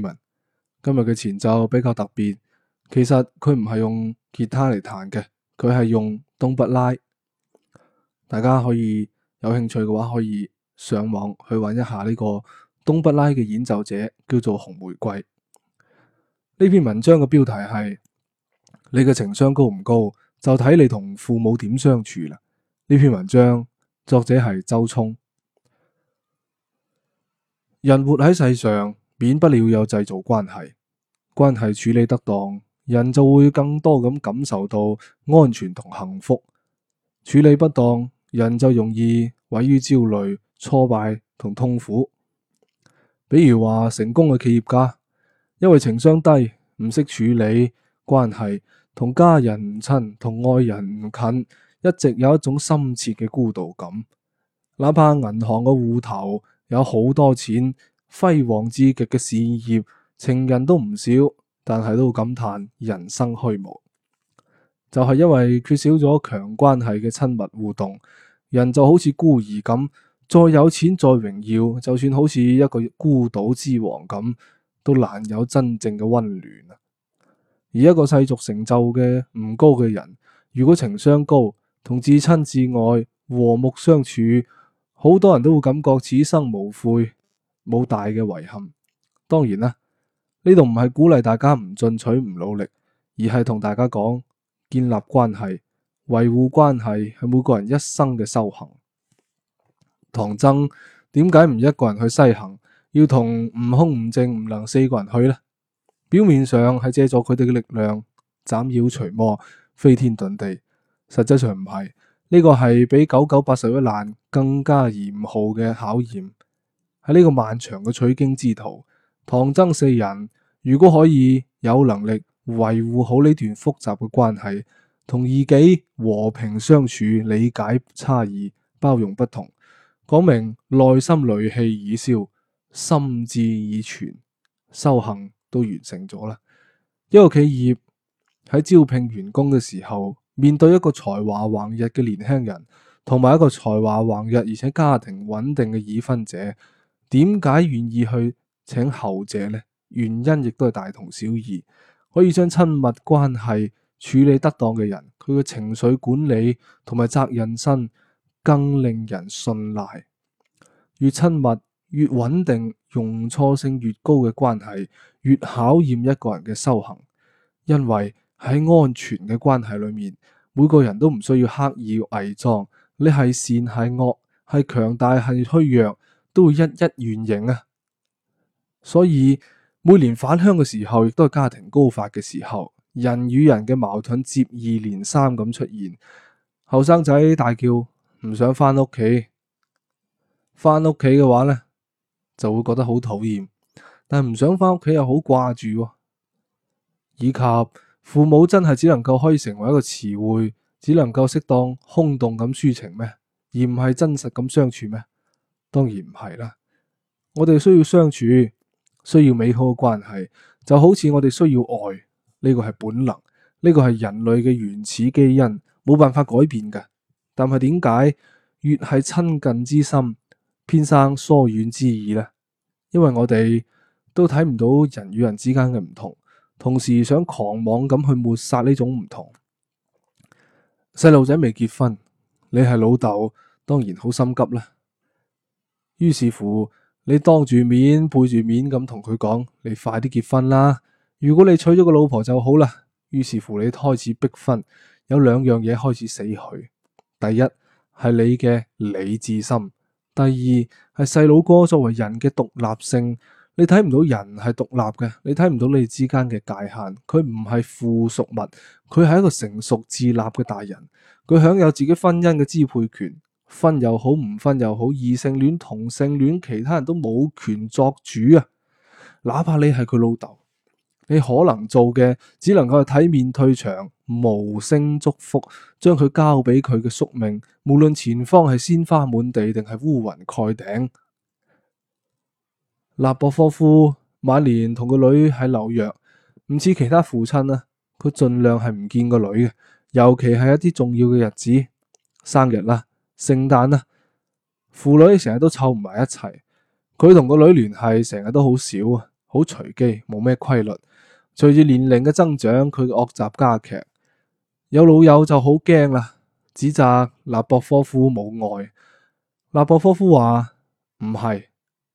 文今日嘅前奏比較特別，其實佢唔係用吉他嚟彈嘅，佢係用冬不拉。大家可以有興趣嘅話，可以上網去揾一下呢個冬不拉嘅演奏者，叫做紅玫瑰。呢篇文章嘅標題係你嘅情商高唔高，就睇你同父母點相處啦。呢篇文章作者係周沖，人活喺世上。免不了有製造關係，關係處理得當，人就會更多咁感受到安全同幸福；處理不當，人就容易毀於焦慮、挫敗同痛苦。比如話，成功嘅企業家，因為情商低，唔識處理關係，同家人唔親，同愛人唔近，一直有一種深切嘅孤獨感。哪怕銀行嘅戶頭有好多錢。輝煌至極嘅事業，情人都唔少，但係都感嘆人生虛無。就係、是、因為缺少咗強關係嘅親密互動，人就好似孤兒咁。再有錢，再榮耀，就算好似一個孤島之王咁，都難有真正嘅温暖。而一個世俗成就嘅唔高嘅人，如果情商高，同至親至愛和睦相處，好多人都會感覺此生無悔。冇大嘅遺憾。當然啦，呢度唔係鼓勵大家唔進取、唔努力，而係同大家講建立關係、維護關係係每個人一生嘅修行。唐僧點解唔一個人去西行，要同悟空、悟淨、悟能四個人去呢？表面上係借咗佢哋嘅力量斬妖除魔、飛天遁地，實際上唔係。呢個係比九九八十一難更加嚴酷嘅考驗。喺呢個漫長嘅取經之途，唐僧四人如果可以有能力維護好呢段複雜嘅關係，同自己和平相處、理解差異、包容不同，講明內心戾氣已消，心志已全，修行都完成咗啦。一個企業喺招聘員工嘅時候，面對一個才華橫溢嘅年輕人，同埋一個才華橫溢而且家庭穩定嘅已婚者。點解願意去請後者呢？原因亦都係大同小異，可以將親密關係處理得當嘅人，佢嘅情緒管理同埋責任心更令人信賴。越親密、越穩定、容錯性越高嘅關係，越考驗一個人嘅修行。因爲喺安全嘅關係裏面，每個人都唔需要刻意偽裝。你係善係惡，係強大係虛弱，都會一一原形啊！所以每年返鄉嘅時候，亦都係家庭高發嘅時候，人與人嘅矛盾接二連三咁出現。後生仔大叫唔想翻屋企，翻屋企嘅話呢，就會覺得好討厭，但係唔想翻屋企又好掛住。以及父母真係只能夠可以成為一個詞彙，只能夠適當空洞咁抒情咩，而唔係真實咁相處咩？當然唔係啦，我哋需要相處，需要美好嘅關係，就好似我哋需要愛，呢個係本能，呢個係人類嘅原始基因，冇辦法改變㗎。但係點解越係親近之心，偏生疏遠之意呢？因為我哋都睇唔到人與人之間嘅唔同，同時想狂妄咁去抹殺呢種唔同。細路仔未結婚，你係老豆，當然好心急啦。於是乎，你當住面，背住面咁同佢講，你快啲結婚啦！如果你娶咗個老婆就好啦。於是乎，你開始逼婚，有兩樣嘢開始死去。第一係你嘅理智心，第二係細佬哥作為人嘅獨立性。你睇唔到人係獨立嘅，你睇唔到你之間嘅界限，佢唔係附屬物，佢係一個成熟自立嘅大人，佢享有自己婚姻嘅支配權。分又好，唔分又好，異性戀、同性戀，其他人都冇權作主啊。哪怕你係佢老豆，你可能做嘅只能夠係體面退場，無聲祝福，將佢交俾佢嘅宿命。無論前方係鮮花滿地，定係烏雲蓋頂。納博科夫晚年同個女喺紐約，唔似其他父親啊。佢盡量係唔見個女嘅，尤其係一啲重要嘅日子，生日啦。聖誕啊，父女成日都湊唔埋一齊。佢同個女聯繫成日都好少啊，好隨機，冇咩規律。隨住年齡嘅增長，佢嘅惡習加劇，有老友就好驚啦，指責納博科夫冇愛。納博科夫話唔係，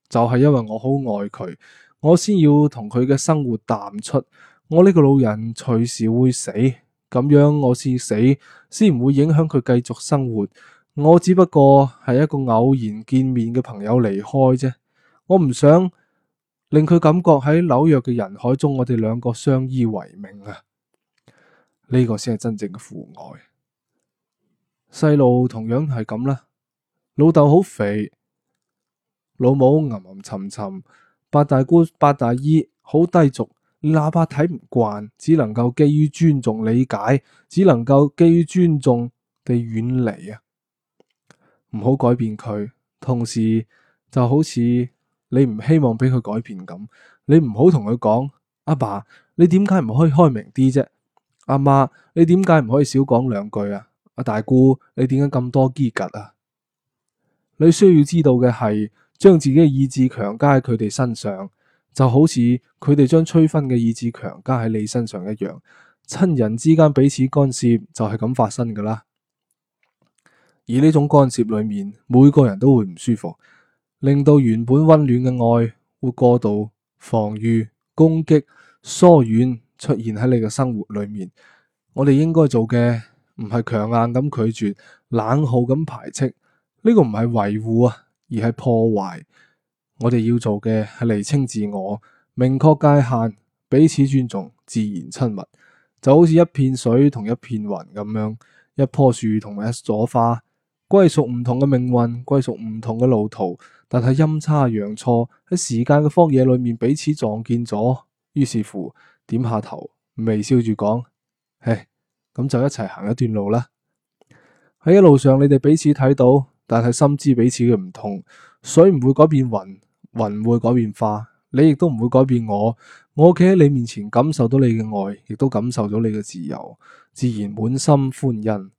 就係因為我好愛佢，我先要同佢嘅生活淡出。我呢個老人隨時會死，咁樣我先死先唔會影響佢繼續生活。我只不過係一個偶然見面嘅朋友離開啫。我唔想令佢感覺喺紐約嘅人海中，我哋兩個相依為命啊。呢個先係真正嘅父愛。細路同樣係咁啦，老豆好肥，老母吟吟沉沉，八大姑八大姨好低俗，哪怕睇唔慣，只能夠基於尊重理解，只能夠基於尊重地遠離啊。唔好改變佢，同時就好似你唔希望俾佢改變咁，你唔好同佢講，阿爸，爸，你點解唔可以開明啲啫？阿媽，你點解唔可以少講兩句啊？阿大姑，你點解咁多機格啊？你需要知道嘅係，將自己嘅意志強加喺佢哋身上，就好似佢哋將催婚嘅意志強加喺你身上一樣，親人之間彼此干涉就係咁發生噶啦。而呢種干涉裏面，每個人都會唔舒服，令到原本溫暖嘅愛會過度防禦、攻擊、疏遠出現喺你嘅生活裏面。我哋應該做嘅唔係強硬咁拒絕、冷酷咁排斥，呢個唔係維護啊，而係破壞。我哋要做嘅係釐清自我、明確界限、彼此尊重、自然親密，就好似一片水同一片雲咁樣，一棵樹同埋一朵花。歸屬唔同嘅命運，歸屬唔同嘅路途，但係陰差陽錯喺時間嘅荒野裏面彼此撞見咗，於是乎點下頭，微笑住講：唉，咁就一齊行一段路啦。喺一路上，你哋彼此睇到，但係心知彼此嘅唔同，水唔會改變雲，雲唔會改變花，你亦都唔會改變我。我企喺你面前，感受到你嘅愛，亦都感受到你嘅自由，自然滿心歡欣，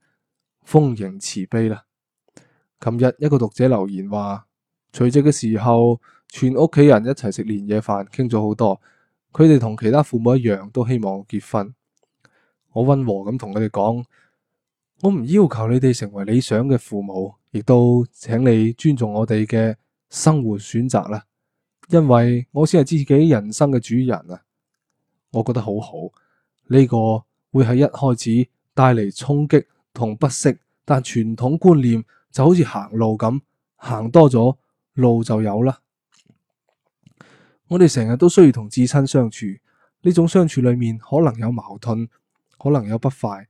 豐盈慈悲啦。琴日一個讀者留言話，除夕嘅時候，全屋企人一齊食年夜飯，傾咗好多。佢哋同其他父母一樣，都希望結婚。我溫和咁同佢哋講，我唔要求你哋成為理想嘅父母，亦都請你尊重我哋嘅生活選擇啦。因為我先係自己人生嘅主人啊。我覺得好好，呢個會係一開始帶嚟衝擊同不適，但傳統觀念。就好似行路咁，行多咗路就有啦。我哋成日都需要同至親相處，呢種相處裏面可能有矛盾，可能有不快，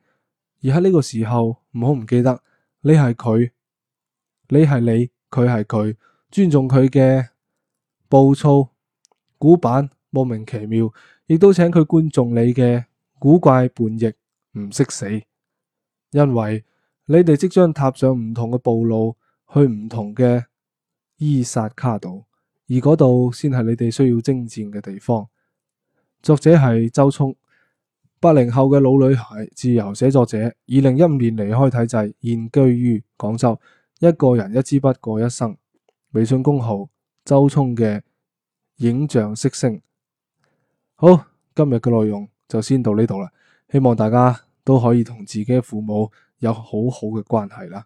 而喺呢個時候唔好唔記得，你係佢，你係你，佢係佢，尊重佢嘅暴躁、古板、莫名其妙，亦都請佢尊重你嘅古怪叛逆、唔識死，因為。你哋即將踏上唔同嘅道路，去唔同嘅伊薩卡島，而嗰度先係你哋需要征戰嘅地方。作者係周沖，八零後嘅老女孩，自由寫作者，二零一五年離開體制，現居於廣州，一個人一支筆過一生。微信公號：周沖嘅影像聲色。好，今日嘅內容就先到呢度啦。希望大家都可以同自己父母。有好好嘅關係啦。